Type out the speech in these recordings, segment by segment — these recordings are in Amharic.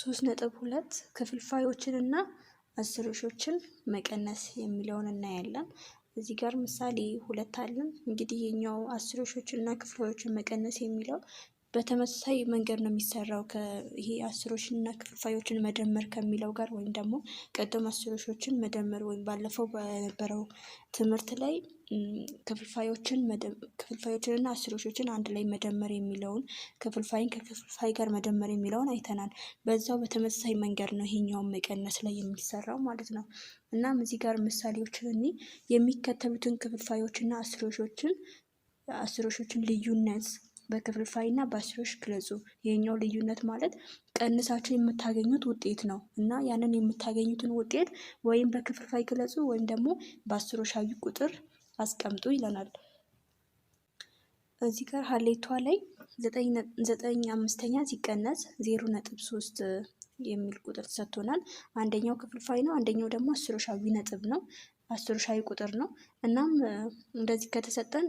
ሶስት ነጥብ ሁለት ክፍልፋዮችን እና አስርዮሾችን መቀነስ የሚለውን እናያለን። እዚህ ጋር ምሳሌ ሁለት አለን። እንግዲህ የኛው አስርዮሾችን እና ክፍልፋዮችን መቀነስ የሚለው በተመሳሳይ መንገድ ነው የሚሰራው። ይሄ አስሮሽና ክፍልፋዮችን መደመር ከሚለው ጋር ወይም ደግሞ ቅድም አስሮሾችን መደመር ወይም ባለፈው በነበረው ትምህርት ላይ ክፍልፋዮችንና አስሮሾችን አንድ ላይ መደመር የሚለውን ክፍልፋይን ከክፍልፋይ ጋር መደመር የሚለውን አይተናል። በዛው በተመሳሳይ መንገድ ነው ይሄኛውን መቀነስ ላይ የሚሰራው ማለት ነው። እናም እዚህ ጋር ምሳሌዎችን እኔ የሚከተሉትን ክፍልፋዮችና አስሮሾችን አስሮሾችን ልዩነት በክፍልፋይ እና በአስሮሽ ግለጹ። ይህኛው ልዩነት ማለት ቀንሳችሁ የምታገኙት ውጤት ነው እና ያንን የምታገኙትን ውጤት ወይም በክፍልፋይ ግለጹ ወይም ደግሞ በአስሮሻዊ ቁጥር አስቀምጡ ይለናል። እዚህ ጋር ሀሌቷ ላይ ዘጠኝ አምስተኛ ሲቀነስ ዜሮ ነጥብ ሶስት የሚል ቁጥር ተሰጥቶናል። አንደኛው ክፍልፋይ ነው፣ አንደኛው ደግሞ አስሮሻዊ ነጥብ ነው። አስር ሻይ ቁጥር ነው። እናም እንደዚህ ከተሰጠን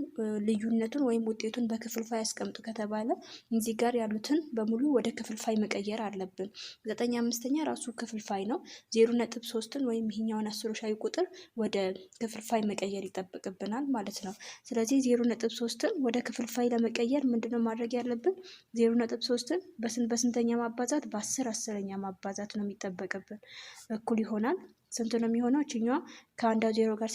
ልዩነቱን ወይም ውጤቱን በክፍልፋይ አስቀምጡ ከተባለ እዚህ ጋር ያሉትን በሙሉ ወደ ክፍልፋይ መቀየር አለብን። ዘጠኝ አምስተኛ ራሱ ክፍልፋይ ነው። ዜሮ ነጥብ ሶስትን ወይም ይህኛውን አስር ሻይ ቁጥር ወደ ክፍልፋይ መቀየር ይጠበቅብናል ማለት ነው። ስለዚህ ዜሮ ነጥብ ሶስትን ወደ ክፍልፋይ ለመቀየር ምንድነው ማድረግ ያለብን? ዜሮ ነጥብ ሶስትን በስንተኛ ማባዛት? በአስር አስረኛ ማባዛት ነው የሚጠበቅብን። እኩል ይሆናል ስንት ነው የሚሆነው? እችኛዋ ከአንዷ ዜሮ ጋር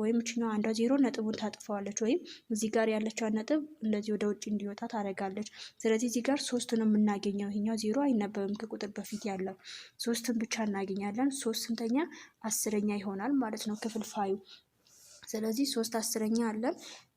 ወይም እችኛዋ አንዷ ዜሮ ነጥቡን ታጥፈዋለች፣ ወይም እዚህ ጋር ያለችዋን ነጥብ እንደዚህ ወደ ውጭ እንዲወጣ ታደርጋለች። ስለዚህ እዚህ ጋር ሶስት ነው የምናገኘው። ይሄኛው ዜሮ አይነበብም ከቁጥር በፊት ያለው ሶስትን ብቻ እናገኛለን። ሶስት ስንተኛ አስረኛ ይሆናል ማለት ነው ክፍል ፋዩ ስለዚህ ሶስት አስረኛ አለ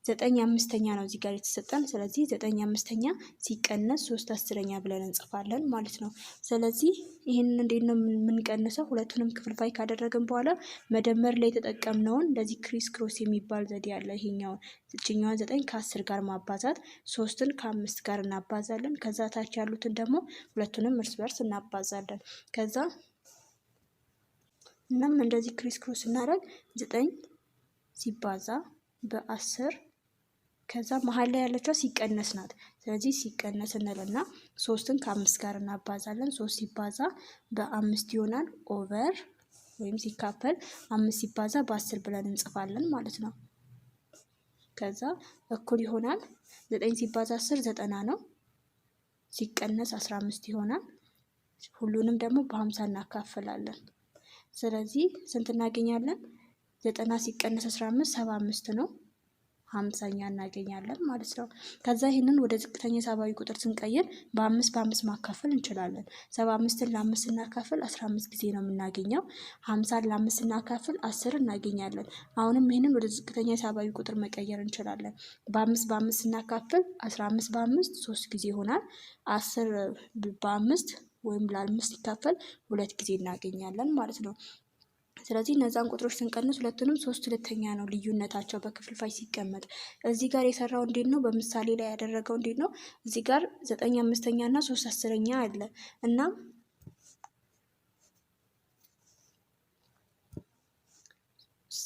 ዘጠኝ አምስተኛ ነው እዚህ ጋር የተሰጠን። ስለዚህ ዘጠኝ አምስተኛ ሲቀነስ ሶስት አስረኛ ብለን እንጽፋለን ማለት ነው። ስለዚህ ይህንን እንዴት ነው የምንቀንሰው? ሁለቱንም ክፍልፋይ ካደረግን በኋላ መደመር ላይ የተጠቀምነውን እንደዚህ ክሪስ ክሮስ የሚባል ዘዴ አለ። ይሄኛውን እችኛዋን ዘጠኝ ከአስር ጋር ማባዛት፣ ሶስትን ከአምስት ጋር እናባዛለን። ከዛ ታች ያሉትን ደግሞ ሁለቱንም እርስ በርስ እናባዛለን። ከዛ እናም እንደዚህ ክሪስ ክሮስ እናደርግ ዘጠኝ ሲባዛ በአስር ከዛ መሀል ላይ ያለችዋ ሲቀነስ ናት። ስለዚህ ሲቀነስ እንልና ሶስትን ከአምስት ጋር እናባዛለን። ሶስት ሲባዛ በአምስት ይሆናል ኦቨር ወይም ሲካፈል አምስት ሲባዛ በአስር ብለን እንጽፋለን ማለት ነው። ከዛ እኩል ይሆናል ዘጠኝ ሲባዛ አስር ዘጠና ነው። ሲቀነስ አስራ አምስት ይሆናል። ሁሉንም ደግሞ በሀምሳ እናካፍላለን። ስለዚህ ስንት እናገኛለን? ዘጠና ሲቀነስ አስራ አምስት ሰባ አምስት ነው። ሀምሳኛ እናገኛለን ማለት ነው። ከዛ ይህንን ወደ ዝቅተኛ ሰብአዊ ቁጥር ስንቀይር በአምስት በአምስት ማካፈል እንችላለን። ሰባ አምስትን ለአምስት ስናካፍል አስራ አምስት ጊዜ ነው የምናገኘው። ሀምሳን ለአምስት ስናካፍል አስር እናገኛለን። አሁንም ይህንን ወደ ዝቅተኛ ሰብአዊ ቁጥር መቀየር እንችላለን። በአምስት በአምስት ስናካፍል አስራ አምስት በአምስት ሶስት ጊዜ ይሆናል። አስር በአምስት ወይም ለአምስት ሲካፈል ሁለት ጊዜ እናገኛለን ማለት ነው። ስለዚህ እነዛን ቁጥሮች ስንቀንስ ሁለቱንም ሶስት ሁለተኛ ነው ልዩነታቸው በክፍልፋይ ሲቀመጥ። እዚህ ጋር የሰራው እንዴት ነው? በምሳሌ ላይ ያደረገው እንዴት ነው? እዚህ ጋር ዘጠኝ አምስተኛ እና ሶስት አስረኛ አለ እና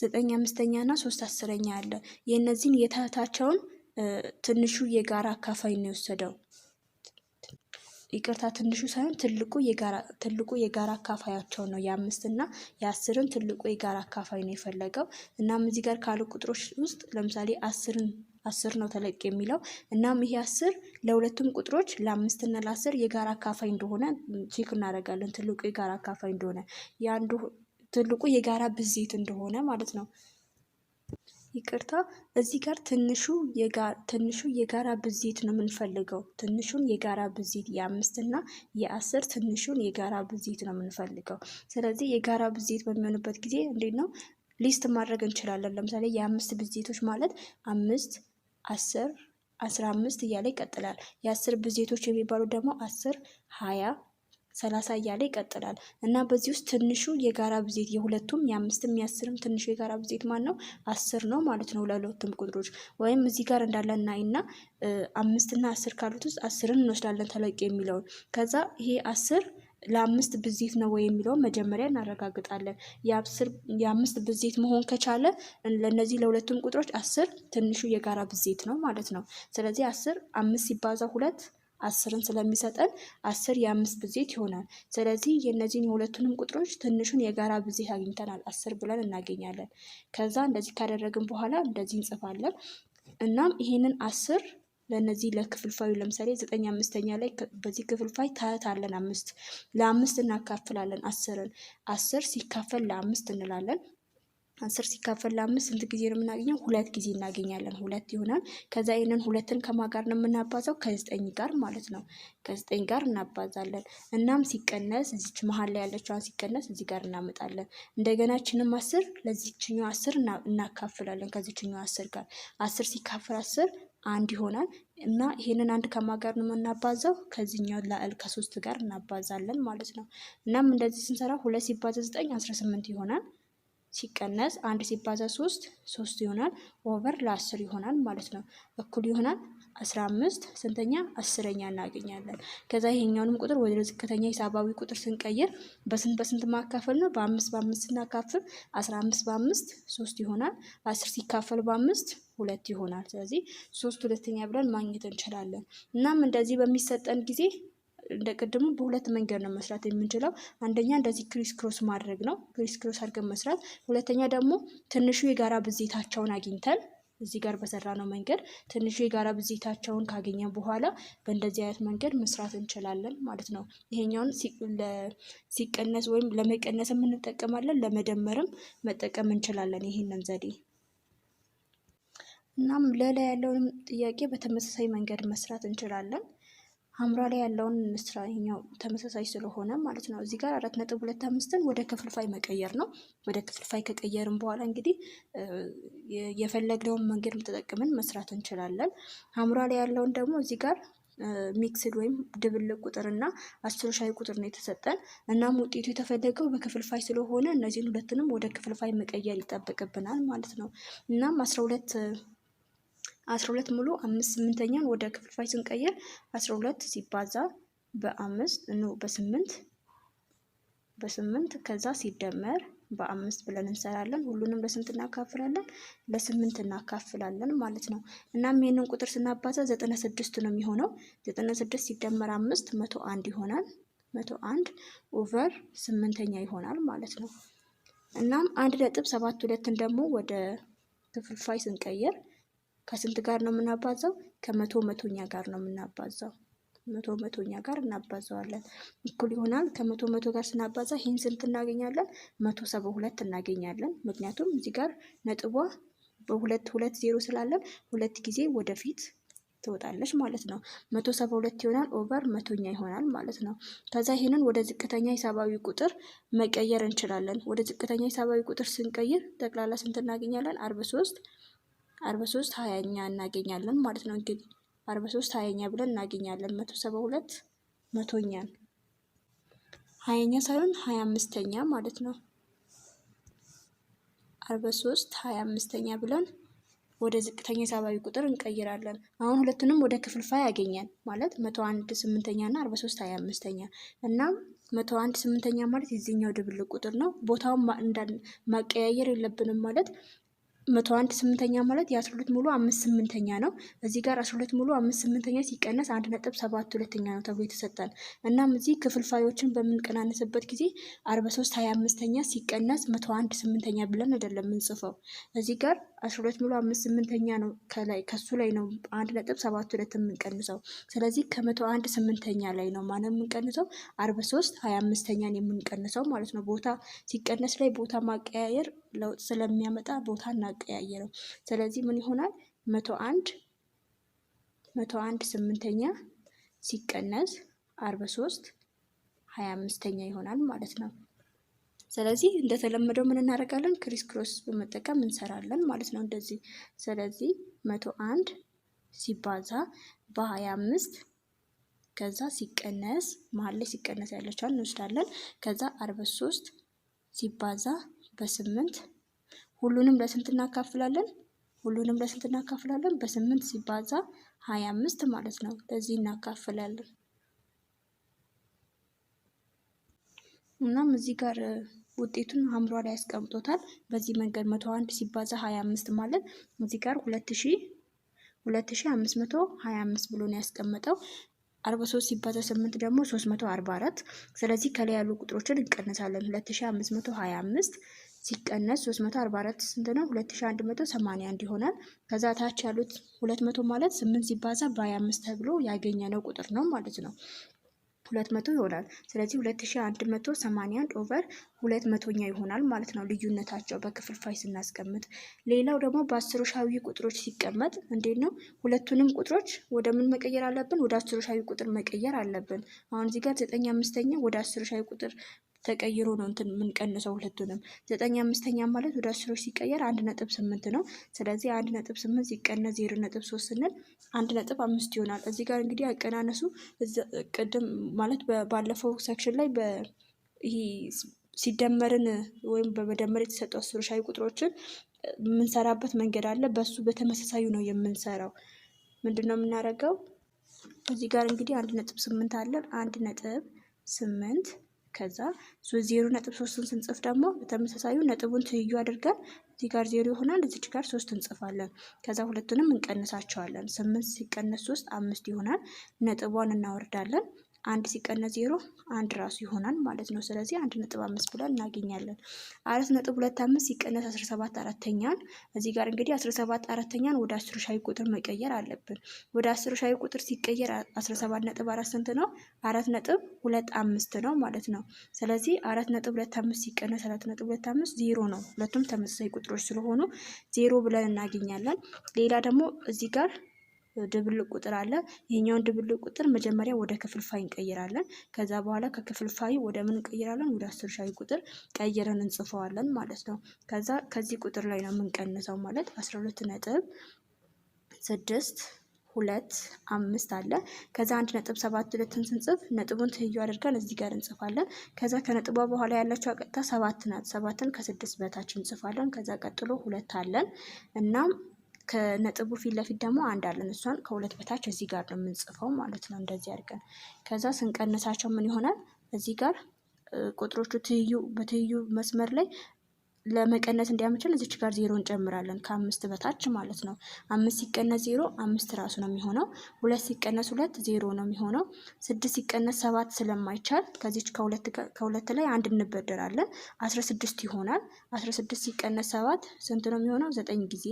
ዘጠኝ አምስተኛ እና ሶስት አስረኛ አለ የእነዚህን የታታቸውን ትንሹ የጋራ አካፋይ ነው የወሰደው። ይቅርታ ትንሹ ሳይሆን ትልቁ የጋራ ትልቁ የጋራ አካፋያቸው ነው። የአምስት እና የአስርን ትልቁ የጋራ አካፋይ ነው የፈለገው። እናም እዚህ ጋር ካሉ ቁጥሮች ውስጥ ለምሳሌ አስርን አስር ነው ተለቅ የሚለው እናም ይሄ አስር ለሁለቱም ቁጥሮች ለአምስት እና ለአስር የጋራ አካፋይ እንደሆነ ቼክ እናደርጋለን። ትልቁ የጋራ አካፋይ እንደሆነ የአንዱ ትልቁ የጋራ ብዜት እንደሆነ ማለት ነው። ይቅርታ እዚህ ጋር ትንሹ የጋራ ብዜት ነው የምንፈልገው። ትንሹን የጋራ ብዜት የአምስት እና የአስር ትንሹን የጋራ ብዜት ነው የምንፈልገው። ስለዚህ የጋራ ብዜት በሚሆንበት ጊዜ እንዴት ነው ሊስት ማድረግ እንችላለን። ለምሳሌ የአምስት ብዜቶች ማለት አምስት፣ አስር፣ አስራ አምስት እያለ ይቀጥላል። የአስር ብዜቶች የሚባሉት ደግሞ አስር፣ ሀያ ሰላሳ እያለ ይቀጥላል እና በዚህ ውስጥ ትንሹ የጋራ ብዜት የሁለቱም የአምስትም የአስርም ትንሹ የጋራ ብዜት ማን ነው? አስር ነው ማለት ነው ለሁለቱም ቁጥሮች ወይም እዚህ ጋር እንዳለ እናይና አምስትና አስር ካሉት ውስጥ አስርን እንወስዳለን ተለቅ የሚለውን ከዛ ይሄ አስር ለአምስት ብዜት ነው ወይ የሚለውን መጀመሪያ እናረጋግጣለን። የአምስት ብዜት መሆን ከቻለ ለእነዚህ ለሁለቱም ቁጥሮች አስር ትንሹ የጋራ ብዜት ነው ማለት ነው። ስለዚህ አስር አምስት ሲባዛ ሁለት አስርን ስለሚሰጠን አስር የአምስት ብዜት ይሆናል። ስለዚህ የእነዚህን የሁለቱንም ቁጥሮች ትንሹን የጋራ ብዜት አግኝተናል፣ አስር ብለን እናገኛለን። ከዛ እንደዚህ ካደረግን በኋላ እንደዚህ እንጽፋለን። እናም ይሄንን አስር ለእነዚህ ለክፍልፋዩ ለምሳሌ ዘጠኝ አምስተኛ ላይ በዚህ ክፍልፋይ ታህት አለን አምስት ለአምስት እናካፍላለን አስርን አስር ሲካፈል ለአምስት እንላለን አስር ሲካፈል ለአምስት ስንት ጊዜ ነው የምናገኘው? ሁለት ጊዜ እናገኛለን። ሁለት ይሆናል። ከዛ ይህንን ሁለትን ከማጋር ነው የምናባዛው? ከዘጠኝ ጋር ማለት ነው። ከዘጠኝ ጋር እናባዛለን። እናም ሲቀነስ እዚች መሀል ላይ ያለችዋን ሲቀነስ እዚህ ጋር እናመጣለን። እንደገናችንም አስር ለዚችኛ አስር እናካፍላለን። ከዚችኛ አስር ጋር አስር ሲካፈል አስር አንድ ይሆናል እና ይሄንን አንድ ከማጋር ነው የምናባዛው ከዚህኛው ላዕል ከሶስት ጋር እናባዛለን ማለት ነው። እናም እንደዚህ ስንሰራ ሁለት ሲባዛ ዘጠኝ አስራ ስምንት ይሆናል። ሲቀነስ አንድ ሲባዛ ሶስት ሶስት ይሆናል። ኦቨር ለአስር ይሆናል ማለት ነው። እኩል ይሆናል አስራ አምስት ስንተኛ አስረኛ እናገኛለን። ከዛ ይሄኛውንም ቁጥር ወደ ዝቅተኛ ሂሳባዊ ቁጥር ስንቀይር በስንት በስንት ማካፈል ነው? በአምስት በአምስት ስናካፍል አስራ አምስት በአምስት ሶስት ይሆናል። አስር ሲካፈል በአምስት ሁለት ይሆናል። ስለዚህ ሶስት ሁለተኛ ብለን ማግኘት እንችላለን። እናም እንደዚህ በሚሰጠን ጊዜ እንደ ቅድሙ በሁለት መንገድ ነው መስራት የምንችለው። አንደኛ እንደዚህ ክሪስ ክሮስ ማድረግ ነው፣ ክሪስ ክሮስ አድርገን መስራት። ሁለተኛ ደግሞ ትንሹ የጋራ ብዜታቸውን አግኝተን እዚህ ጋር በሰራ ነው መንገድ ትንሹ የጋራ ብዜታቸውን ካገኘ በኋላ በእንደዚህ አይነት መንገድ መስራት እንችላለን ማለት ነው። ይሄኛውን ሲቀነስ ወይም ለመቀነስ እንጠቀማለን፣ ለመደመርም መጠቀም እንችላለን ይሄንን ዘዴ። እናም ለላይ ያለውንም ጥያቄ በተመሳሳይ መንገድ መስራት እንችላለን። ሀምራ ላይ ያለውን እንስራ። ይኸኛው ተመሳሳይ ስለሆነ ማለት ነው። እዚህ ጋር አራት ነጥብ ሁለት አምስትን ወደ ክፍልፋይ መቀየር ነው። ወደ ክፍልፋይ ከቀየርን በኋላ እንግዲህ የፈለግነውን መንገድ ተጠቅመን መስራት እንችላለን። ሐምራ ላይ ያለውን ደግሞ እዚህ ጋር ሚክስድ ወይም ድብልቅ ቁጥር እና አስርሻዊ ቁጥር ነው የተሰጠን። እናም ውጤቱ የተፈለገው በክፍልፋይ ስለሆነ እነዚህን ሁለትንም ወደ ክፍልፋይ መቀየር ይጠበቅብናል ማለት ነው። እናም አስራ ሁለት አስራ ሁለት ሙሉ አምስት ስምንተኛን ወደ ክፍልፋይ ስንቀይር አስራ ሁለት ሲባዛ በአምስት ነው በስምንት በስምንት ከዛ ሲደመር በአምስት ብለን እንሰራለን። ሁሉንም ለስንት እናካፍላለን? ለስምንት እናካፍላለን ማለት ነው። እናም ይህንን ቁጥር ስናባዛ ዘጠና ስድስት ነው የሚሆነው። ዘጠና ስድስት ሲደመር አምስት መቶ አንድ ይሆናል። መቶ አንድ ኦቨር ስምንተኛ ይሆናል ማለት ነው። እናም አንድ ነጥብ ሰባት ሁለትን ደግሞ ወደ ክፍልፋይ ስንቀይር ከስንት ጋር ነው የምናባዛው? ከመቶ መቶኛ ጋር ነው የምናባዛው። መቶ መቶኛ ጋር እናባዛዋለን። እኩል ይሆናል። ከመቶ መቶ ጋር ስናባዛ ይህን ስንት እናገኛለን? መቶ ሰባ ሁለት እናገኛለን። ምክንያቱም እዚህ ጋር ነጥቧ በሁለት ሁለት ዜሮ ስላለን ሁለት ጊዜ ወደፊት ትወጣለች ማለት ነው። መቶ ሰባ ሁለት ይሆናል ኦቨር መቶኛ ይሆናል ማለት ነው። ከዛ ይህንን ወደ ዝቅተኛ ሂሳባዊ ቁጥር መቀየር እንችላለን። ወደ ዝቅተኛ ሂሳባዊ ቁጥር ስንቀይር ጠቅላላ ስንት እናገኛለን? አርባ ሶስት አርባ ሶስት ሀያኛ እናገኛለን ማለት ነው። እንግዲህ አርባ ሶስት ሀያኛ ብለን እናገኛለን። መቶ ሰባ ሁለት መቶኛ ሀያኛ ሳይሆን ሀያ አምስተኛ ማለት ነው። አርባ ሶስት ሀያ አምስተኛ ብለን ወደ ዝቅተኛ ሂሳባዊ ቁጥር እንቀይራለን። አሁን ሁለቱንም ወደ ክፍልፋይ ያገኛል ማለት መቶ አንድ ስምንተኛ እና አርባ ሶስት ሀያ አምስተኛ እና መቶ አንድ ስምንተኛ ማለት የዚህኛው ድብልቅ ቁጥር ነው። ቦታውን ማቀያየር የለብንም ማለት መቶ አንድ ስምንተኛ ማለት የአስራ ሁለት ሙሉ አምስት ስምንተኛ ነው። እዚህ ጋር አስራ ሁለት ሙሉ አምስት ስምንተኛ ሲቀነስ አንድ ነጥብ ሰባት ሁለተኛ ነው ተብሎ የተሰጠን። እናም እዚህ ክፍልፋዮችን በምንቀናነስበት ጊዜ አርባ ሶስት ሀያ አምስተኛ ሲቀነስ መቶ አንድ ስምንተኛ ብለን አይደለም የምንጽፈው። እዚህ ጋር አስራ ሁለት ሙሉ አምስት ስምንተኛ ነው። ከላይ ከሱ ላይ ነው አንድ ነጥብ ሰባት ሁለት የምንቀንሰው። ስለዚህ ከመቶ አንድ ስምንተኛ ላይ ነው ማነው የምንቀንሰው? አርባ ሶስት ሀያ አምስተኛን የምንቀንሰው ማለት ነው። ቦታ ሲቀነስ ላይ ቦታ ማቀያየር ለውጥ ስለሚያመጣ ቦታ እናቀያየረው። ስለዚህ ምን ይሆናል? መቶ አንድ መቶ አንድ ስምንተኛ ሲቀነስ አርባ ሶስት ሀያ አምስተኛ ይሆናል ማለት ነው። ስለዚህ እንደተለመደው ምን እናደርጋለን? ክሪስ ክሮስ በመጠቀም እንሰራለን ማለት ነው። እንደዚህ ስለዚህ መቶ አንድ ሲባዛ በሀያ አምስት ከዛ ሲቀነስ መሀል ላይ ሲቀነስ ያለችዋን እንወስዳለን። ከዛ አርባ ሶስት ሲባዛ በስምንት ሁሉንም ለስንት እናካፍላለን? ሁሉንም ለስንት እናካፍላለን? በስምንት ሲባዛ ሀያ አምስት ማለት ነው። ለዚህ እናካፍላለን። እናም እዚህ ጋር ውጤቱን አምሯ ላይ ያስቀምጦታል። በዚህ መንገድ መቶ አንድ ሲባዛ ሀያ አምስት ማለት እዚህ ጋር ሁለት ሺ ሁለት ሺ አምስት መቶ ሀያ አምስት ብሎ ነው ያስቀመጠው። አርባ ሶስት ሲባዛ ስምንት ደግሞ ሶስት መቶ አርባ አራት ስለዚህ ከላይ ያሉ ቁጥሮችን እንቀንሳለን። ሁለት ሺ አምስት መቶ ሀያ አምስት ሲቀነስ 344 ስንት ነው? 2181 ይሆናል። ከዛ ታች ያሉት 200 ማለት 8 ሲባዛ በ25 ተብሎ ያገኘነው ቁጥር ነው ማለት ነው። 200 ይሆናል። ስለዚህ 2181 ኦቨር 200ኛ ይሆናል ማለት ነው ልዩነታቸው በክፍልፋይ ስናስቀምጥ። ሌላው ደግሞ በአስርሻዊ ቁጥሮች ሲቀመጥ እንዴት ነው? ሁለቱንም ቁጥሮች ወደ ምን መቀየር አለብን? ወደ ሻዊ ቁጥር መቀየር አለብን። አሁን እዚህ ጋር 9 አምስተኛ ወደ አስርሻዊ ቁጥር ተቀይሮ ነው እንትን የምንቀንሰው ሁለቱንም። ዘጠኝ አምስተኛ ማለት ወደ አስሮች ሲቀየር አንድ ነጥብ ስምንት ነው። ስለዚህ አንድ ነጥብ ስምንት ሲቀነስ ዜሮ ነጥብ ሶስት ስንል አንድ ነጥብ አምስት ይሆናል። እዚህ ጋር እንግዲህ አቀናነሱ ቅድም ማለት ባለፈው ሰክሽን ላይ ሲደመርን ወይም በመደመር የተሰጡ አስሮሻዊ ቁጥሮችን የምንሰራበት መንገድ አለ። በሱ በተመሳሳዩ ነው የምንሰራው። ምንድን ነው የምናደርገው? እዚህ ጋር እንግዲህ አንድ ነጥብ ስምንት አለን። አንድ ነጥብ ስምንት ከዛ ዜሮ ነጥብ ሶስትን ስንጽፍ ደግሞ በተመሳሳዩ ነጥቡን ትይዩ አድርገን እዚህ ጋር ዜሮ ይሆናል፣ እዚች ጋር ሶስት እንጽፋለን። ከዛ ሁለቱንም እንቀንሳቸዋለን። ስምንት ሲቀነስ ሶስት አምስት ይሆናል። ነጥቧን እናወርዳለን። አንድ ሲቀነስ ዜሮ አንድ ራሱ ይሆናል ማለት ነው። ስለዚህ አንድ ነጥብ አምስት ብለን እናገኛለን። አራት ነጥብ ሁለት አምስት ሲቀነስ አስራ ሰባት አራተኛን እዚህ ጋር እንግዲህ አስራ ሰባት አራተኛን ወደ አስር ሻይ ቁጥር መቀየር አለብን። ወደ አስር ሻይ ቁጥር ሲቀየር አስራ ሰባት ነጥብ አራት ስንት ነው? አራት ነጥብ ሁለት አምስት ነው ማለት ነው። ስለዚህ አራት ነጥብ ሁለት አምስት ሲቀነስ አራት ነጥብ ሁለት አምስት ዜሮ ነው። ሁለቱም ተመሳሳይ ቁጥሮች ስለሆኑ ዜሮ ብለን እናገኛለን። ሌላ ደግሞ እዚህ ጋር ድብልቅ ቁጥር አለ። ይህኛውን ድብልቅ ቁጥር መጀመሪያ ወደ ክፍልፋይ እንቀይራለን። ከዛ በኋላ ከክፍልፋይ ወደ ምን እንቀይራለን? ወደ አስር ሻይ ቁጥር ቀይረን እንጽፈዋለን ማለት ነው። ከዛ ከዚህ ቁጥር ላይ ነው የምንቀንሰው ማለት አስራ ሁለት ነጥብ ስድስት ሁለት አምስት አለ። ከዛ አንድ ነጥብ ሰባት ሁለትን ስንጽፍ ነጥቡን ትይዩ አድርገን እዚህ ጋር እንጽፋለን። ከዛ ከነጥቧ በኋላ ያለችው ቀጥታ ሰባት ናት። ሰባትን ከስድስት በታች እንጽፋለን። ከዛ ቀጥሎ ሁለት አለን እናም ከነጥቡ ፊት ለፊት ደግሞ አንድ አለን። እሷን ከሁለት በታች እዚህ ጋር ነው የምንጽፈው ማለት ነው። እንደዚህ አድርገን ከዛ ስንቀንሳቸው ምን ይሆናል? እዚህ ጋር ቁጥሮቹ ትይዩ በትይዩ መስመር ላይ ለመቀነስ እንዲያመችል እዚች ጋር ዜሮ እንጨምራለን ከአምስት በታች ማለት ነው። አምስት ሲቀነስ ዜሮ አምስት ራሱ ነው የሚሆነው። ሁለት ሲቀነስ ሁለት ዜሮ ነው የሚሆነው። ስድስት ሲቀነስ ሰባት ስለማይቻል ከዚች ከሁለት ላይ አንድ እንበደራለን። አስራ ስድስት ይሆናል። አስራ ስድስት ሲቀነስ ሰባት ስንት ነው የሚሆነው? ዘጠኝ ጊዜ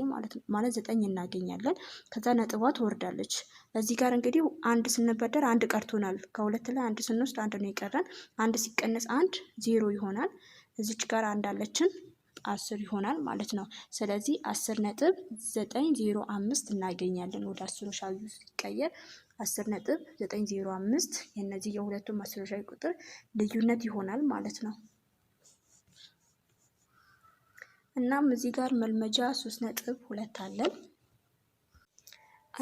ማለት ዘጠኝ እናገኛለን። ከዛ ነጥቧ ትወርዳለች። እዚህ ጋር እንግዲህ አንድ ስንበደር አንድ ቀርቶናል። ከሁለት ላይ አንድ ስንወስድ አንድ ነው የቀረን። አንድ ሲቀነስ አንድ ዜሮ ይሆናል። እዚች ጋር አንዳለችን አስር ይሆናል ማለት ነው። ስለዚህ አስር ነጥብ ዘጠኝ ዜሮ አምስት እናገኛለን። ወደ አስሮሽ አብዩ ሲቀየር አስር ነጥብ ዘጠኝ ዜሮ አምስት የእነዚህ የሁለቱም አስሮሻዊ ቁጥር ልዩነት ይሆናል ማለት ነው። እናም እዚህ ጋር መልመጃ ሶስት ነጥብ ሁለት አለን።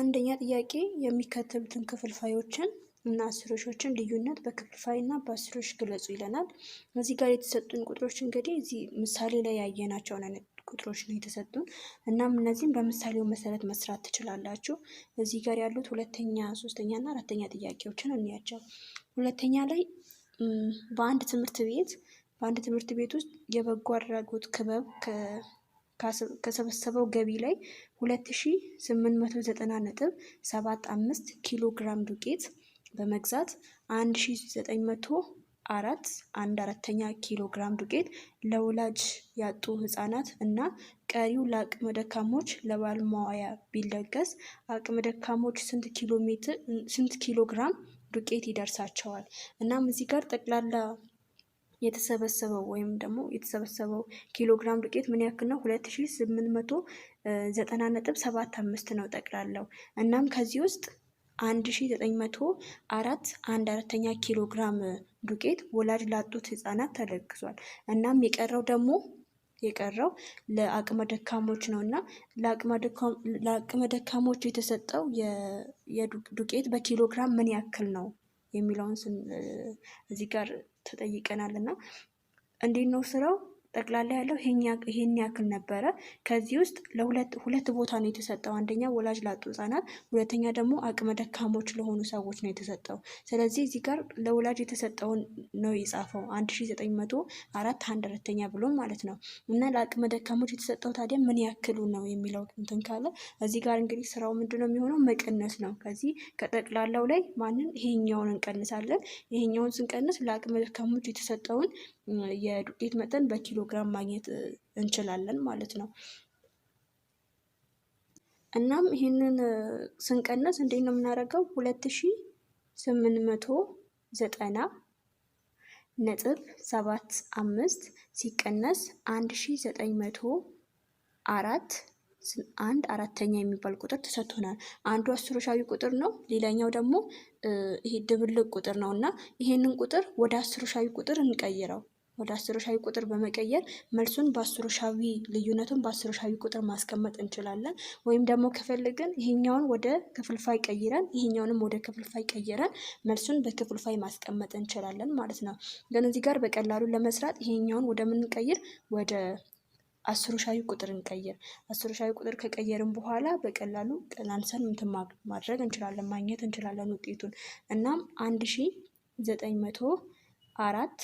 አንደኛ ጥያቄ የሚከተሉትን ክፍልፋዮችን እና አስሮሾችን ልዩነት በክፍልፋይ እና በአስሮሽ ግለጹ ይለናል። እዚህ ጋር የተሰጡን ቁጥሮች እንግዲህ እዚህ ምሳሌ ላይ ያየናቸውን አይነት ቁጥሮች ነው የተሰጡን። እናም እነዚህም በምሳሌው መሰረት መስራት ትችላላችሁ። እዚህ ጋር ያሉት ሁለተኛ፣ ሶስተኛ እና አራተኛ ጥያቄዎችን እንያቸው። ሁለተኛ ላይ በአንድ ትምህርት ቤት በአንድ ትምህርት ቤት ውስጥ የበጎ አድራጎት ክበብ ከሰበሰበው ገቢ ላይ ሁለት ሺ ስምንት መቶ ዘጠና ነጥብ ሰባት አምስት ኪሎ ግራም ዱቄት በመግዛት 1904 አንድ አራተኛ ኪሎ ግራም ዱቄት ለወላጅ ያጡ ህጻናት እና ቀሪው ለአቅመ ደካሞች ለባል መዋያ ቢለገስ አቅመ ደካሞች ስንት ኪሎ ግራም ዱቄት ይደርሳቸዋል? እናም እዚህ ጋር ጠቅላላ የተሰበሰበው ወይም ደግሞ የተሰበሰበው ኪሎ ግራም ዱቄት ምን ያክል ነው? ሁለት ሺ ስምንት መቶ ዘጠና ነጥብ ሰባት አምስት ነው ጠቅላላው። እናም ከዚህ ውስጥ 1904 አንድ አራተኛ ኪሎ ግራም ዱቄት ወላጅ ላጡት ህጻናት ተለግሷል። እናም የቀረው ደግሞ የቀረው ለአቅመ ደካሞች ነው እና ለአቅመ ደካሞች የተሰጠው የዱቄት በኪሎ ግራም ምን ያክል ነው የሚለውን እዚህ ጋር ተጠይቀናል እና እንዴት ነው ስራው? ጠቅላላ ያለው ይሄን ያክል ነበረ። ከዚህ ውስጥ ለሁለት ሁለት ቦታ ነው የተሰጠው። አንደኛ ወላጅ ላጡ ህጻናት፣ ሁለተኛ ደግሞ አቅመ ደካሞች ለሆኑ ሰዎች ነው የተሰጠው። ስለዚህ እዚህ ጋር ለወላጅ የተሰጠውን ነው የጻፈው አራት አንድ አራተኛ ብሎ ማለት ነው። እና ለአቅመ ደካሞች የተሰጠው ታዲያ ምን ያክሉ ነው የሚለው እንትን ካለ እዚህ ጋር እንግዲህ ስራው ምንድን ነው የሚሆነው? መቀነስ ነው። ከዚህ ከጠቅላላው ላይ ማንን ይሄኛውን እንቀንሳለን። ይሄኛውን ስንቀንስ ለአቅመ ደካሞች የተሰጠውን የዱቄት መጠን በኪሎግራም ማግኘት እንችላለን ማለት ነው። እናም ይህንን ስንቀነስ እንዴት ነው የምናደርገው? ሁለት ሺ ስምንት መቶ ዘጠና ነጥብ ሰባት አምስት ሲቀነስ አንድ ሺ ዘጠኝ መቶ አራት አንድ አራተኛ የሚባል ቁጥር ተሰጥቶናል። አንዱ አስሮሻዊ ቁጥር ነው፣ ሌላኛው ደግሞ ይሄ ድብልቅ ቁጥር ነው እና ይሄንን ቁጥር ወደ አስሮሻዊ ቁጥር እንቀይረው። ወደ አስርሻዊ ቁጥር በመቀየር መልሱን በአስርሻዊ ልዩነቱን ሻዊ ቁጥር ማስቀመጥ እንችላለን። ወይም ደግሞ ከፈለግን ይሄኛውን ወደ ክፍልፋይ ቀይረን ይሄኛውንም ወደ ክፍልፋይ ቀይረን መልሱን በክፍልፋይ ማስቀመጥ እንችላለን ማለት ነው። ግን እዚህ ጋር በቀላሉ ለመስራት ይሄኛውን ወደ ምን ወደ አስሮሻዊ ቁጥር እንቀይር። አስርሻዊ ቁጥር ከቀየርን በኋላ በቀላሉ ቀላንሰን እንትን ማድረግ እንችላለን፣ ማግኘት እንችላለን ውጤቱን እናም አንድ ሺ ዘጠኝ መቶ አራት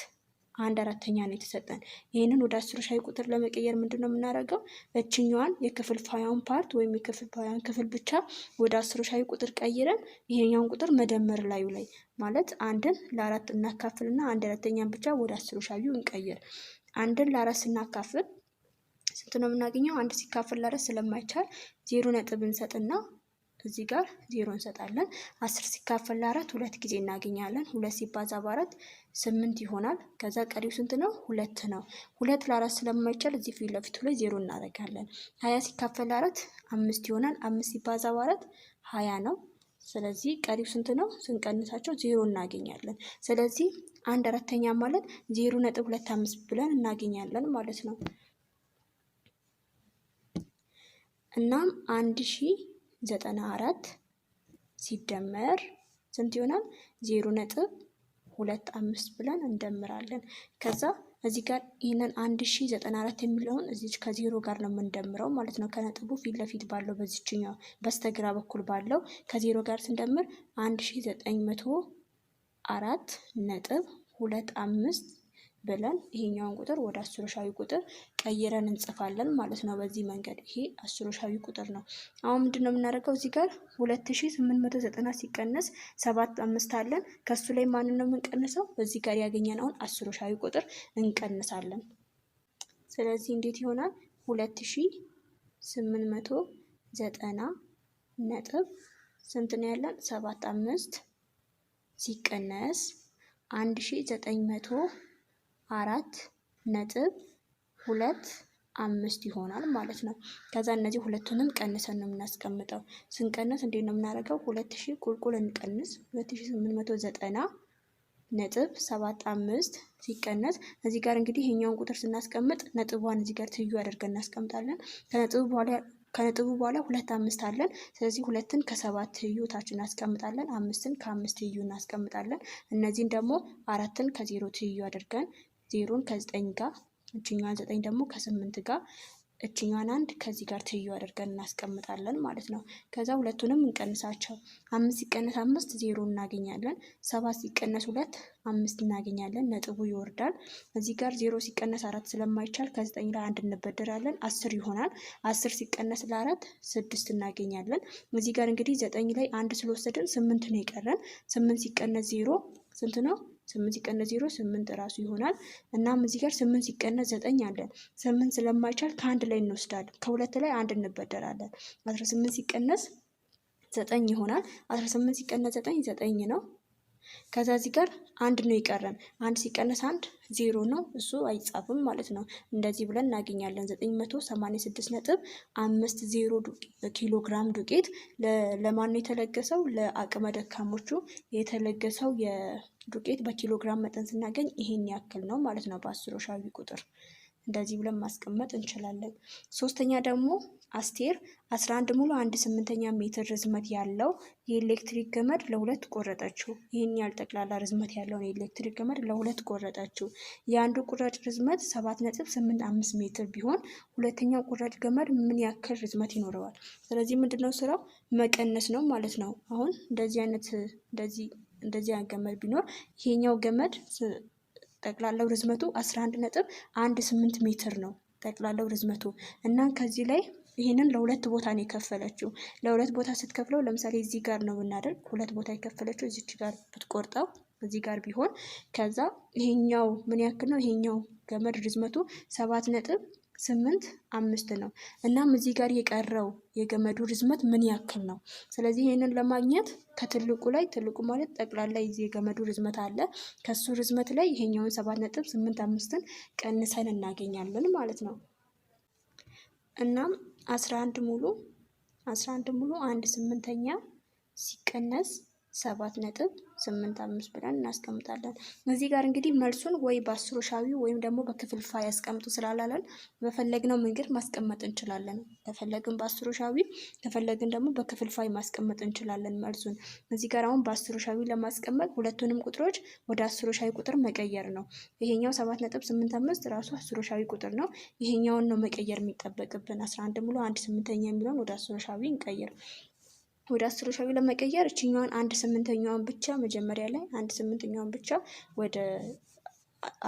አንድ አራተኛ ነው የተሰጠን። ይህንን ወደ አስር ሻይ ቁጥር ለመቀየር ምንድን ነው የምናደርገው? እችኛዋን የክፍል ፋያን ፓርት ወይም የክፍል ፋያን ክፍል ብቻ ወደ አስር ሻይ ቁጥር ቀይረን ይሄኛውን ቁጥር መደመር ላዩ ላይ ማለት አንድን ለአራት እናካፍልና አንድ አራተኛን ብቻ ወደ አስር ሻዩ እንቀይር። አንድን ለአራት ስናካፍል ስንት ነው የምናገኘው? አንድ ሲካፈል ለአራት ስለማይቻል ዜሮ ነጥብ እንሰጥና እዚህ ጋር ዜሮ እንሰጣለን። አስር ሲካፈል ለአራት ሁለት ጊዜ እናገኛለን። ሁለት ሲባዛ በአራት ስምንት ይሆናል። ከዛ ቀሪው ስንት ነው? ሁለት ነው። ሁለት ለአራት ስለማይቻል እዚህ ፊት ለፊቱ ላይ ዜሮ እናደርጋለን። ሀያ ሲካፈል ለአራት አምስት ይሆናል። አምስት ሲባዛ በአራት ሀያ ነው። ስለዚህ ቀሪው ስንት ነው? ስንቀንሳቸው ዜሮ እናገኛለን። ስለዚህ አንድ አራተኛ ማለት ዜሮ ነጥብ ሁለት አምስት ብለን እናገኛለን ማለት ነው። እናም አንድ ሺህ ዘጠና አራት ሲደመር ስንት ይሆናል? ዜሮ ነጥብ ሁለት አምስት ብለን እንደምራለን። ከዛ እዚህ ጋር ይህንን አንድ ሺ ዘጠና አራት የሚለውን እዚህ ከዜሮ ጋር ነው የምንደምረው ማለት ነው። ከነጥቡ ፊት ለፊት ባለው በዚችኛው በስተግራ በኩል ባለው ከዜሮ ጋር ስንደምር አንድ ሺ ዘጠኝ መቶ አራት ነጥብ ሁለት አምስት ብለን ይሄኛውን ቁጥር ወደ አስሮሻዊ ቁጥር ቀይረን እንጽፋለን ማለት ነው። በዚህ መንገድ ይሄ አስሮሻዊ ቁጥር ነው። አሁን ምንድን ነው የምናደርገው? እዚህ ጋር 8መቶ ዘጠና ሲቀነስ ሰባት አምስት አለን። ከሱ ላይ ማንን ነው የምንቀንሰው? በዚህ ጋር ያገኘነውን አስሮሻዊ ቁጥር እንቀንሳለን። ስለዚህ እንዴት ይሆናል? 28መቶ ዘጠና ነጥብ ስንት ነው ያለን? አምስት ሲቀነስ መቶ አራት ነጥብ ሁለት አምስት ይሆናል ማለት ነው። ከዛ እነዚህ ሁለቱንም ቀንሰን ነው የምናስቀምጠው። ስንቀንስ እንዴት ነው የምናደርገው? ሁለት ሺ ቁልቁል እንቀንስ። ሁለት ሺ ስምንት መቶ ዘጠና ነጥብ ሰባት አምስት ሲቀነስ እዚህ ጋር እንግዲህ ይሄኛውን ቁጥር ስናስቀምጥ ነጥቧን እዚህ ጋር ትዩ አድርገን እናስቀምጣለን። ከነጥቡ በኋላ ከነጥቡ በኋላ ሁለት አምስት አለን። ስለዚህ ሁለትን ከሰባት ትይዩ ታች እናስቀምጣለን። አምስትን ከአምስት ትይዩ እናስቀምጣለን። እነዚህን ደግሞ አራትን ከዜሮ ትይዩ አድርገን ዜሮን ከዘጠኝ ጋር እችኛዋን ዘጠኝ ደግሞ ከስምንት ጋር እችኛዋን አንድ ከዚህ ጋር ትይዩ አድርገን እናስቀምጣለን ማለት ነው። ከዛ ሁለቱንም እንቀንሳቸው። አምስት ሲቀነስ አምስት ዜሮ እናገኛለን። ሰባት ሲቀነስ ሁለት አምስት እናገኛለን። ነጥቡ ይወርዳል። እዚህ ጋር ዜሮ ሲቀነስ አራት ስለማይቻል ከዘጠኝ ላይ አንድ እንበደራለን። አስር ይሆናል። አስር ሲቀነስ ለአራት ስድስት እናገኛለን። እዚህ ጋር እንግዲህ ዘጠኝ ላይ አንድ ስለወሰድን ስምንት ነው የቀረን። ስምንት ሲቀነስ ዜሮ ስንት ነው? ስምንት ሲቀነስ ዜሮ ስምንት ራሱ ይሆናል። እናም እዚህ ጋር ስምንት ሲቀነስ ዘጠኝ አለን። ስምንት ስለማይቻል ከአንድ ላይ እንወስዳለን። ከሁለት ላይ አንድ እንበደራለን። አስራ ስምንት ሲቀነስ ዘጠኝ ይሆናል። አስራ ስምንት ሲቀነስ ዘጠኝ ዘጠኝ ነው። ከዛ እዚህ ጋር አንድ ነው የቀረን። አንድ ሲቀነስ አንድ ዜሮ ነው፣ እሱ አይጻፍም ማለት ነው። እንደዚህ ብለን እናገኛለን 986 ነጥብ አምስት ዜሮ ኪሎ ግራም ዱቄት ለማን የተለገሰው? ለአቅመ ደካሞቹ የተለገሰው የዱቄት በኪሎ ግራም መጠን ስናገኝ ይሄን ያክል ነው ማለት ነው በአስሮ ሻዊ ቁጥር እንደዚህ ብለን ማስቀመጥ እንችላለን። ሶስተኛ ደግሞ አስቴር 11 ሙሉ አንድ ስምንተኛ ሜትር ርዝመት ያለው የኤሌክትሪክ ገመድ ለሁለት ቆረጠችው። ይህን ያህል ጠቅላላ ርዝመት ያለውን የኤሌክትሪክ ገመድ ለሁለት ቆረጠችው። የአንዱ ቁራጭ ርዝመት 7.85 ሜትር ቢሆን ሁለተኛው ቁራጭ ገመድ ምን ያክል ርዝመት ይኖረዋል? ስለዚህ ምንድነው ስራው መቀነስ ነው ማለት ነው። አሁን እንደዚህ አይነት እንደዚህ እንደዚህ ገመድ ቢኖር ይሄኛው ገመድ ጠቅላላው ርዝመቱ 11 ነጥብ 18 ሜትር ነው ጠቅላላው ርዝመቱ እና ከዚህ ላይ ይህንን ለሁለት ቦታ ነው የከፈለችው። ለሁለት ቦታ ስትከፍለው ለምሳሌ እዚህ ጋር ነው ብናደርግ ሁለት ቦታ የከፈለችው እዚች ጋር ብትቆርጠው እዚህ ጋር ቢሆን ከዛ ይሄኛው ምን ያክል ነው? ይሄኛው ገመድ ርዝመቱ ሰባት ነጥብ ስምንት አምስት ነው። እናም እዚህ ጋር የቀረው የገመዱ ርዝመት ምን ያክል ነው? ስለዚህ ይህንን ለማግኘት ከትልቁ ላይ ትልቁ ማለት ጠቅላላ የዚህ የገመዱ ርዝመት አለ። ከሱ ርዝመት ላይ ይሄኛውን ሰባት ነጥብ ስምንት አምስትን ቀንሰን እናገኛለን ማለት ነው። እናም አስራ አንድ ሙሉ አስራ አንድ ሙሉ አንድ ስምንተኛ ሲቀነስ ሰባት ነጥብ ስምንት አምስት ብለን እናስቀምጣለን። እዚህ ጋር እንግዲህ መልሱን ወይ ሻዊ ወይም ደግሞ በክፍልፋይ ያስቀምጡ ስላላለን በፈለግነው መንገድ ማስቀመጥ እንችላለን። ከፈለግን በአስሮሻዊ ከፈለግን ደግሞ በክፍልፋይ ማስቀመጥ እንችላለን መልሱን። እዚህ ጋር አሁን ሻዊ ለማስቀመጥ ሁለቱንም ቁጥሮች ወደ ሻዊ ቁጥር መቀየር ነው። ይሄኛው ሰባት ነጥብ ስምንት አምስት ራሱ ሻዊ ቁጥር ነው። ይሄኛውን ነው መቀየር የሚጠበቅብን አስራ አንድ ሙሉ አንድ ስምንተኛ የሚለውን ወደ አስሮሻዊ እንቀይር። ወደ አስር ሻዊ ለመቀየር እችኛዋን አንድ ስምንተኛዋን ብቻ መጀመሪያ ላይ አንድ ስምንተኛዋን ብቻ ወደ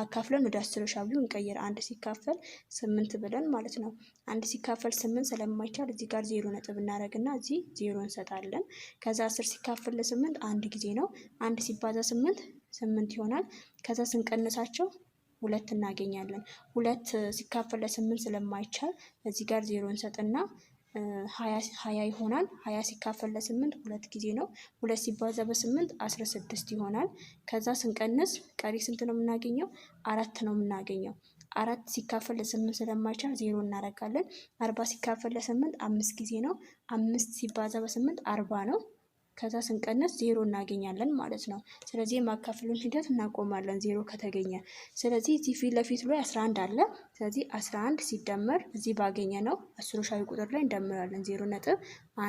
አካፍለን ወደ አስር ሻዊው እንቀይር። አንድ ሲካፈል ስምንት ብለን ማለት ነው። አንድ ሲካፈል ስምንት ስለማይቻል እዚህ ጋር ዜሮ ነጥብ እናደርግና እዚህ ዜሮ እንሰጣለን። ከዛ አስር ሲካፈል ለስምንት አንድ ጊዜ ነው። አንድ ሲባዛ ስምንት ስምንት ይሆናል። ከዛ ስንቀንሳቸው ሁለት እናገኛለን። ሁለት ሲካፈል ለስምንት ስለማይቻል እዚህ ጋር ዜሮ እንሰጥና ሀያ ይሆናል። ሀያ ሲካፈል ለስምንት ሁለት ጊዜ ነው። ሁለት ሲባዛ በስምንት አስራ ስድስት ይሆናል። ከዛ ስንቀንስ ቀሪ ስንት ነው የምናገኘው? አራት ነው የምናገኘው። አራት ሲካፈል ለስምንት ስለማይቻል ዜሮ እናደርጋለን። አርባ ሲካፈል ለስምንት አምስት ጊዜ ነው። አምስት ሲባዛ በስምንት አርባ ነው። ከዛ ስንቀነስ ዜሮ እናገኛለን ማለት ነው። ስለዚህ የማካፍሉን ሂደት እናቆማለን ዜሮ ከተገኘ። ስለዚህ እዚህ ፊት ለፊት ላይ 11 አለ። ስለዚህ 11 ሲደመር እዚህ ባገኘ ነው አስሮ ሻዊ ቁጥር ላይ እንደምራለን ዜሮ ነጥብ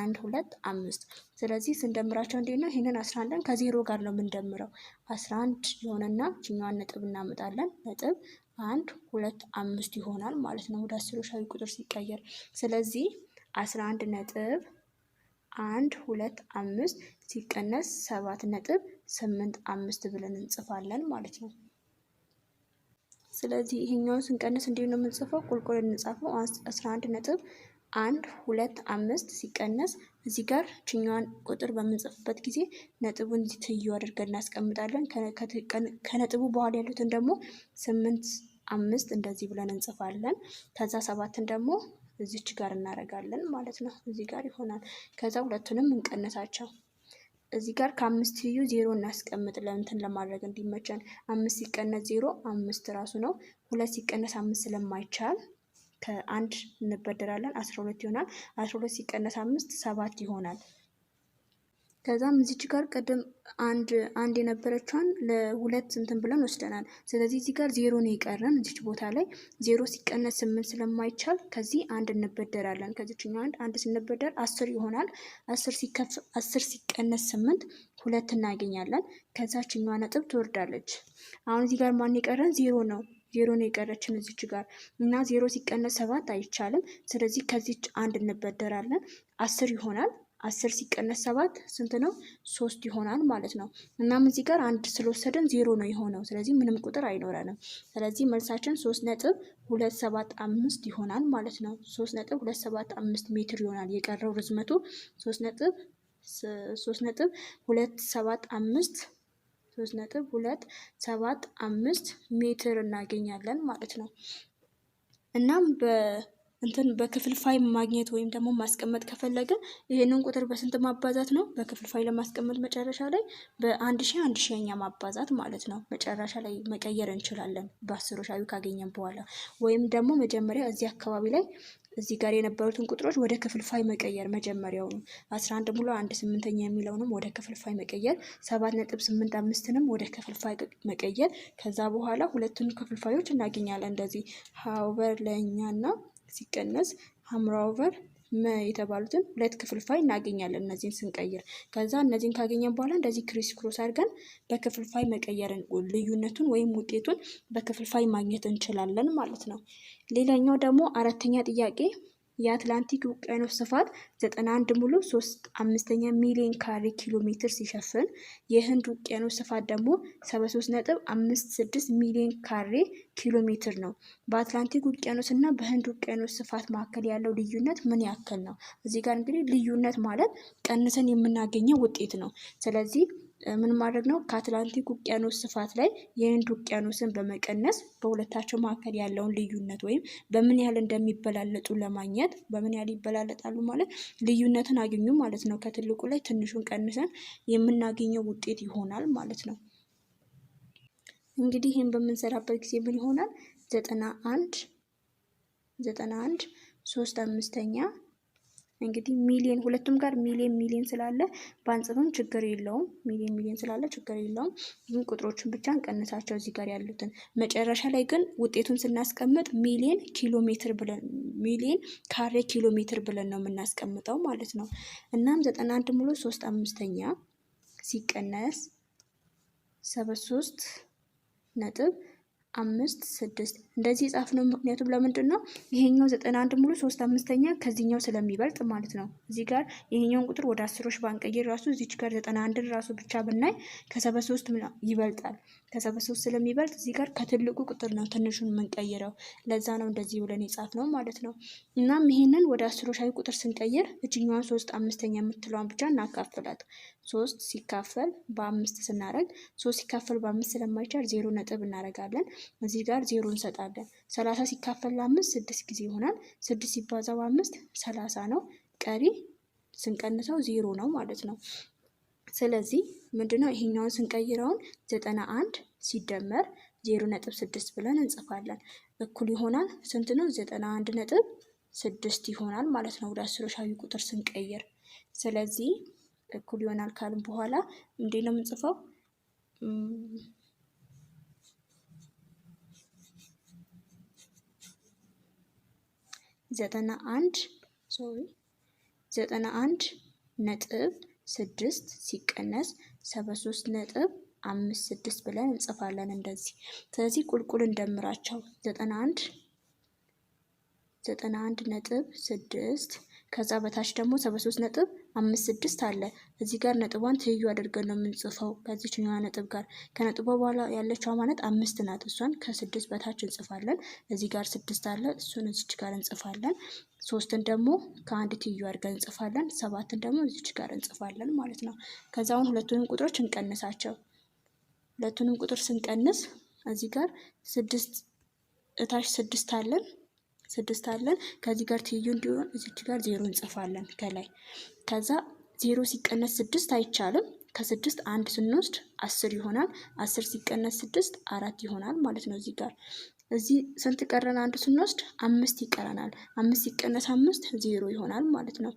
አንድ ሁለት አምስት። ስለዚህ ስንደምራቸው እንዴት ነው? ይህንን 11 ከዜሮ ጋር ነው የምንደምረው። 11 የሆነና ችኛዋን ነጥብ እናመጣለን ነጥብ አንድ ሁለት አምስት ይሆናል ማለት ነው ወደ ሻዊ ቁጥር ሲቀየር። ስለዚህ 11 ነጥብ አንድ ሁለት አምስት ሲቀነስ ሰባት ነጥብ ስምንት አምስት ብለን እንጽፋለን ማለት ነው። ስለዚህ ይሄኛውን ስንቀንስ እንዲሁ ነው የምንጽፈው። ቁልቁል እንጻፈው አስራ አንድ ነጥብ አንድ ሁለት አምስት ሲቀነስ እዚህ ጋር ችኛዋን ቁጥር በምንጽፍበት ጊዜ ነጥቡን እዚህ ትይዩ አድርገን እናስቀምጣለን። ከነጥቡ በኋላ ያሉትን ደግሞ ስምንት አምስት እንደዚህ ብለን እንጽፋለን። ከዛ ሰባትን ደግሞ እዚች ጋር እናደርጋለን ማለት ነው። እዚህ ጋር ይሆናል። ከዛ ሁለቱንም እንቀነሳቸው። እዚህ ጋር ከአምስት ዩ ዜሮ እናስቀምጥ፣ ለእንትን ለማድረግ እንዲመቸን። አምስት ሲቀነስ ዜሮ አምስት ራሱ ነው። ሁለት ሲቀነስ አምስት ስለማይቻል ከአንድ እንበደራለን። አስራ ሁለት ይሆናል። አስራ ሁለት ሲቀነስ አምስት ሰባት ይሆናል። ከዛም እዚች ጋር ቀደም አንድ አንድ የነበረችዋን ለሁለት እንትን ብለን ወስደናል። ስለዚህ እዚህ ጋር ዜሮ ነው የቀረን። እዚች ቦታ ላይ ዜሮ ሲቀነስ ስምንት ስለማይቻል ከዚህ አንድ እንበደራለን። ከዚችኛው አንድ አንድ ስንበደር አስር ይሆናል። አስር ሲቀነስ ስምንት ሁለት እናገኛለን። ከዛችኛዋ ነጥብ ትወርዳለች። አሁን እዚህ ጋር ማን የቀረን ዜሮ ነው ዜሮ ነው የቀረችን እዚች ጋር እና ዜሮ ሲቀነስ ሰባት አይቻልም። ስለዚህ ከዚች አንድ እንበደራለን። አስር ይሆናል። አስር ሲቀነስ ሰባት ስንት ነው? ሶስት ይሆናል ማለት ነው። እናም እዚህ ጋር አንድ ስለወሰደን ዜሮ ነው የሆነው። ስለዚህ ምንም ቁጥር አይኖረንም። ስለዚህ መልሳችን ሶስት ነጥብ ሁለት ሰባት አምስት ይሆናል ማለት ነው። ሶስት ነጥብ ሁለት ሰባት አምስት ሜትር ይሆናል። የቀረው ርዝመቱ ሶስት ነጥብ ሶስት ነጥብ ሁለት ሰባት አምስት ሶስት ነጥብ ሁለት ሰባት አምስት ሜትር እናገኛለን ማለት ነው። እናም በ እንትን በክፍልፋይ ማግኘት ወይም ደግሞ ማስቀመጥ ከፈለግን ይህንን ቁጥር በስንት ማባዛት ነው? በክፍልፋይ ለማስቀመጥ መጨረሻ ላይ በአንድ ሺህ አንድ ሺህኛ ማባዛት ማለት ነው። መጨረሻ ላይ መቀየር እንችላለን በአስሮች አዊ ካገኘን በኋላ ወይም ደግሞ መጀመሪያ እዚህ አካባቢ ላይ እዚህ ጋር የነበሩትን ቁጥሮች ወደ ክፍልፋይ መቀየር መጀመሪያውኑ አስራ አንድ ሙሉ አንድ ስምንተኛ የሚለውንም ወደ ክፍልፋይ መቀየር፣ ሰባት ነጥብ ስምንት አምስትንም ወደ ክፍልፋይ መቀየር። ከዛ በኋላ ሁለቱን ክፍልፋዮች እናገኛለን እንደዚህ ሀበር ለእኛና ሲቀነስ ሀምራ ኦቨር መ የተባሉትን ሁለት ክፍልፋይ እናገኛለን። እነዚህን ስንቀይር ከዛ እነዚህን ካገኘን በኋላ እንደዚህ ክሪስ ክሮስ አድርገን በክፍልፋይ መቀየርን ልዩነቱን ወይም ውጤቱን በክፍልፋይ ማግኘት እንችላለን ማለት ነው። ሌላኛው ደግሞ አራተኛ ጥያቄ የአትላንቲክ ውቅያኖስ ስፋት 91 ሙሉ 3 አምስተኛ ሚሊዮን ካሬ ኪሎ ሜትር ሲሸፍን የህንድ ውቅያኖስ ስፋት ደግሞ 73.56 ሚሊዮን ካሬ ኪሎ ሜትር ነው። በአትላንቲክ ውቅያኖስ እና በህንድ ውቅያኖስ ስፋት መካከል ያለው ልዩነት ምን ያክል ነው? እዚህ ጋር እንግዲህ ልዩነት ማለት ቀንሰን የምናገኘው ውጤት ነው። ስለዚህ ምን ማድረግ ነው? ከአትላንቲክ ውቅያኖስ ስፋት ላይ የህንድ ውቅያኖስን በመቀነስ በሁለታቸው መካከል ያለውን ልዩነት ወይም በምን ያህል እንደሚበላለጡ ለማግኘት በምን ያህል ይበላለጣሉ ማለት ልዩነትን አግኙ ማለት ነው። ከትልቁ ላይ ትንሹን ቀንሰን የምናገኘው ውጤት ይሆናል ማለት ነው። እንግዲህ ይህን በምንሰራበት ጊዜ ምን ይሆናል? ዘጠና አንድ ዘጠና አንድ ሶስት አምስተኛ እንግዲህ ሚሊየን ሁለቱም ጋር ሚሊየን ሚሊየን ስላለ ባንጽፍም ችግር የለውም። ሚሊየን ሚሊየን ስላለ ችግር የለውም። ግን ቁጥሮቹን ብቻ እንቀንሳቸው እዚህ ጋር ያሉትን። መጨረሻ ላይ ግን ውጤቱን ስናስቀምጥ ሚሊየን ኪሎ ሜትር ብለን ሚሊየን ካሬ ኪሎ ሜትር ብለን ነው የምናስቀምጠው ማለት ነው። እናም ዘጠና አንድ ሙሉ ሶስት አምስተኛ ሲቀነስ ሰበት ሶስት ነጥብ አምስት ስድስት እንደዚህ ጻፍ ነው። ምክንያቱም ለምንድን ነው ይሄኛው ዘጠና አንድ ሙሉ ሶስት አምስተኛ ከዚህኛው ስለሚበልጥ ማለት ነው። እዚህ ጋር ይሄኛውን ቁጥር ወደ አስሮች ባንቀይር ራሱ እዚች ጋር ዘጠና አንድን ራሱ ብቻ ብናይ ከሰባ ሶስት ይበልጣል። ከሰባ ሶስት ስለሚበልጥ እዚህ ጋር ከትልቁ ቁጥር ነው ትንሹን የምንቀይረው። ለዛ ነው እንደዚህ ብለን የጻፍ ነው ማለት ነው። እናም ይሄንን ወደ አስሮች ቁጥር ስንቀይር እጅኛዋን ሶስት አምስተኛ የምትለዋን ብቻ እናካፍላት ሶስት ሲካፈል በአምስት ስናደርግ ሶስት ሲካፈል በአምስት ስለማይቻል ዜሮ ነጥብ እናደርጋለን። እዚህ ጋር ዜሮ እንሰጣለን። ሰላሳ ሲካፈል ለአምስት ስድስት ጊዜ ይሆናል። ስድስት ሲባዛ በአምስት ሰላሳ ነው። ቀሪ ስንቀንሰው ዜሮ ነው ማለት ነው። ስለዚህ ምንድነው ይሄኛውን ስንቀይረውን ዘጠና አንድ ሲደመር ዜሮ ነጥብ ስድስት ብለን እንጽፋለን። እኩል ይሆናል ስንት ነው? ዘጠና አንድ ነጥብ ስድስት ይሆናል ማለት ነው። ወደ አስሮሻዊ ቁጥር ስንቀይር ስለዚህ እኩል ይሆናል ካልን በኋላ እንዴ ነው የምንጽፈው? ዘጠና አንድ ሶሪ ዘጠና አንድ ነጥብ ስድስት ሲቀነስ ሰባ ሶስት ነጥብ አምስት ስድስት ብለን እንጽፋለን እንደዚህ። ስለዚህ ቁልቁል እንደምራቸው ዘጠና አንድ ዘጠና አንድ ነጥብ ስድስት ከዛ በታች ደግሞ ሰባ ሶስት ነጥብ አምስት ስድስት አለ። እዚህ ጋር ነጥቧን ትይዩ አድርገን ነው የምንጽፈው ከዚችኛዋ ነጥብ ጋር። ከነጥቧ በኋላ ያለችዋ ማለት አምስት ናት። እሷን ከስድስት በታች እንጽፋለን። እዚህ ጋር ስድስት አለ። እሱን እዚች ጋር እንጽፋለን። ሶስትን ደግሞ ከአንድ ትይዩ አድርገን እንጽፋለን። ሰባትን ደግሞ እዚች ጋር እንጽፋለን ማለት ነው። ከዛውን ሁለቱንም ቁጥሮች እንቀንሳቸው። ሁለቱንም ቁጥር ስንቀንስ እዚህ ጋር ስድስት እታች ስድስት አለን ስድስት አለን። ከዚህ ጋር ትይዩ እንዲሆን እዚች ጋር ዜሮ እንጽፋለን ከላይ። ከዛ ዜሮ ሲቀነስ ስድስት አይቻልም። ከስድስት አንድ ስንወስድ አስር ይሆናል። አስር ሲቀነስ ስድስት አራት ይሆናል ማለት ነው። እዚህ ጋር እዚህ ስንት ቀረን? አንድ ስንወስድ አምስት ይቀረናል። አምስት ሲቀነስ አምስት ዜሮ ይሆናል ማለት ነው።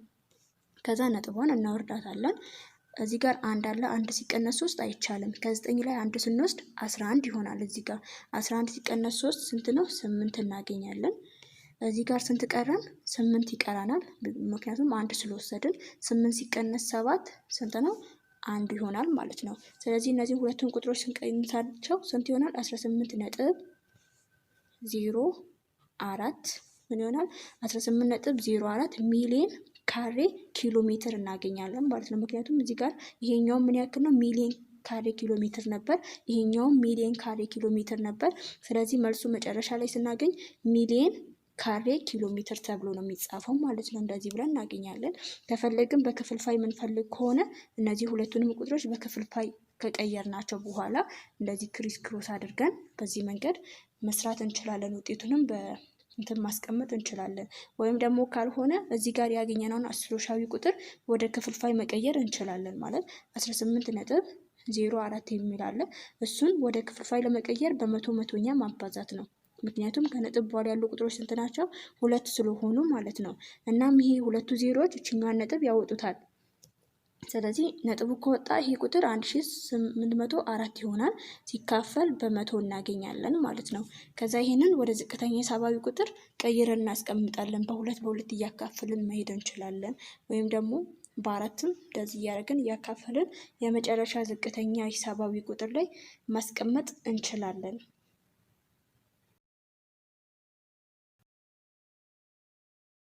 ከዛ ነጥቧን እናወርዳታለን። እዚህ ጋር አንድ አለ። አንድ ሲቀነስ ሶስት አይቻልም። ከዘጠኝ ላይ አንድ ስንወስድ አስራ አንድ ይሆናል። እዚህ ጋር አስራ አንድ ሲቀነስ ሶስት ስንት ነው? ስምንት እናገኛለን። እዚህ ጋር ስንት ቀረን? ስምንት ይቀረናል። ምክንያቱም አንድ ስለወሰድን ስምንት ሲቀነስ ሰባት ስንት ነው? አንዱ ይሆናል ማለት ነው። ስለዚህ እነዚህ ሁለቱን ቁጥሮች ስንቀንሳቸው ስንት ይሆናል? አስራ ስምንት ነጥብ ዜሮ አራት ምን ይሆናል? አስራ ስምንት ነጥብ ዜሮ አራት ሚሊየን ካሬ ኪሎ ሜትር እናገኛለን ማለት ነው። ምክንያቱም እዚህ ጋር ይሄኛው ምን ያክል ነው? ሚሊየን ካሬ ኪሎ ሜትር ነበር። ይሄኛውም ሚሊየን ካሬ ኪሎ ሜትር ነበር። ስለዚህ መልሱ መጨረሻ ላይ ስናገኝ ሚሊየን ካሬ ኪሎ ሜትር ተብሎ ነው የሚጻፈው ማለት ነው። እንደዚህ ብለን እናገኛለን። ከፈለግን በክፍልፋይ የምንፈልግ ከሆነ እነዚህ ሁለቱንም ቁጥሮች በክፍልፋይ ከቀየርናቸው በኋላ እንደዚህ ክሪስ ክሮስ አድርገን በዚህ መንገድ መስራት እንችላለን። ውጤቱንም በእንትን ማስቀመጥ እንችላለን። ወይም ደግሞ ካልሆነ እዚህ ጋር ያገኘነውን አስሮሻዊ ቁጥር ወደ ክፍልፋይ መቀየር እንችላለን ማለት 18 ነጥብ ዜሮ አራት የሚል አለ። እሱን ወደ ክፍልፋይ ለመቀየር በመቶ መቶኛ ማባዛት ነው። ምክንያቱም ከነጥብ በኋላ ያሉ ቁጥሮች ስንት ናቸው? ሁለት ስለሆኑ ማለት ነው። እናም ይሄ ሁለቱ ዜሮዎች እችኛዋን ነጥብ ያወጡታል። ስለዚህ ነጥቡ ከወጣ ይሄ ቁጥር 1804 ይሆናል። ሲካፈል በመቶ እናገኛለን ማለት ነው። ከዛ ይሄንን ወደ ዝቅተኛ የሳባዊ ቁጥር ቀይረን እናስቀምጣለን። በሁለት በሁለት እያካፈልን መሄድ እንችላለን። ወይም ደግሞ በአራትም እንደዚህ እያደረግን እያካፈልን የመጨረሻ ዝቅተኛ ሂሳባዊ ቁጥር ላይ ማስቀመጥ እንችላለን።